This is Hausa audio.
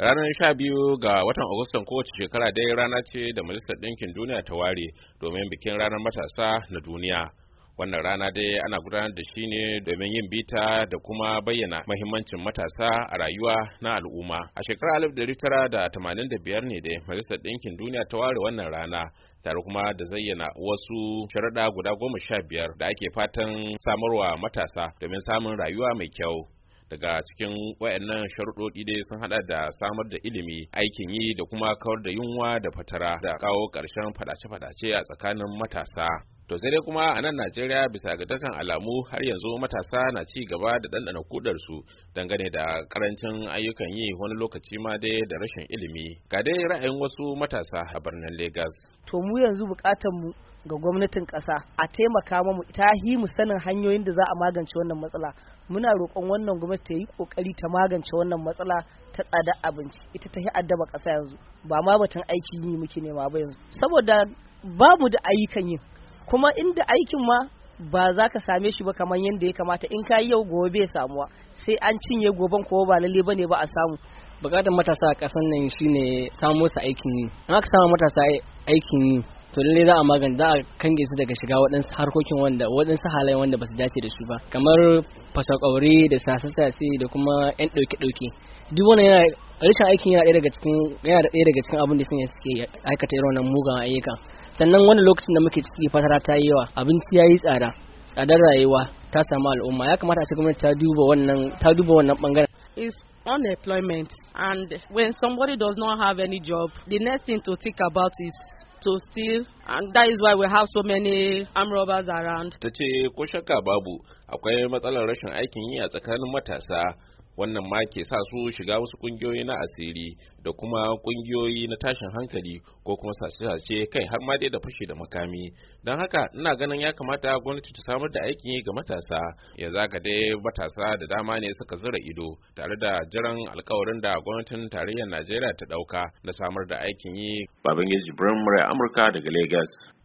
ranar sha biyu ga watan agustan kowace shekara dai rana ce da majalisar ɗinkin duniya ta ware domin bikin ranar matasa na duniya wannan rana dai ana gudanar da shi ne domin yin bita da kuma bayyana mahimmancin matasa a rayuwa na al'umma a shekarar 1985 ne dai majalisar ɗinkin duniya ta ware wannan rana tare kuma da zayyana wasu sharaɗa guda goma sha biyar da ake fatan samarwa matasa domin samun rayuwa mai kyau daga cikin wayannan sharuɗoɗi dai sun haɗa da samar da ilimi aikin yi da kuma kawar da yunwa da fatara da kawo ƙarshen fadace-fadace a tsakanin matasa to sai dai kuma a nan najeriya bisa ga dukkan alamu har yanzu matasa na ci gaba da ɗanɗana kudarsu dangane da karancin ayyukan yi wani lokaci ma dai da rashin ilimi ga dai ra'ayin wasu matasa a birnin Legas. to mu yanzu bukatar mu ga gwamnatin ƙasa a taimaka mu ta yi mu sanin hanyoyin da za a magance wannan matsala muna roƙon wannan gwamnati ta yi kokari ta magance wannan matsala ta tsada abinci ita ta yi addaba ƙasa yanzu ba ma batun aikin yi muke nema ba yanzu saboda babu da ayyukan yi kuma inda aikin ma ba za ka same shi ba kamar yadda ya kamata in ka yi yau gobe bai samuwa sai an cinye goben kowa ba lalle bane ba a samu bukatar matasa a ƙasar nan shine samo su aikin yi in ka samu matasa aikin yi to lalle za a magance za a kange su daga shiga waɗansu harkokin wanda waɗansu halayen wanda ba su dace da su ba kamar fasakauri da sasasasi da kuma yan ɗauke-ɗauke duk wannan yana rashin aikin yana ɗaya daga cikin yana ɗaya abin da sun suke aikata irin wannan mugan ayyuka sannan wani lokacin da muke ciki fasara ta yi yawa abinci ya yi tsada tsadar rayuwa ta samu al'umma ya kamata a ce gwamnati ta duba wannan ta duba wannan unemployment and when somebody does not have any job the next thing to think about is to steal and that is why we have so many armed robbers around. Ta ce ko shakka babu akwai matsalar rashin aikin yi a tsakanin matasa wannan ma ke sa su shiga wasu kungiyoyi na asiri da kuma kungiyoyi na tashin hankali ko kuma sace-sace kai har ma dai da fashi da makami don haka ina ganin ya kamata gwamnati ta samar da aikin yi ga matasa ya zaka dai matasa da dama ne suka zura ido tare da jiran alkawarin da gwamnatin tarayyar najeriya ta dauka na samar da aikin yi babangeji birnin murai amurka daga lagos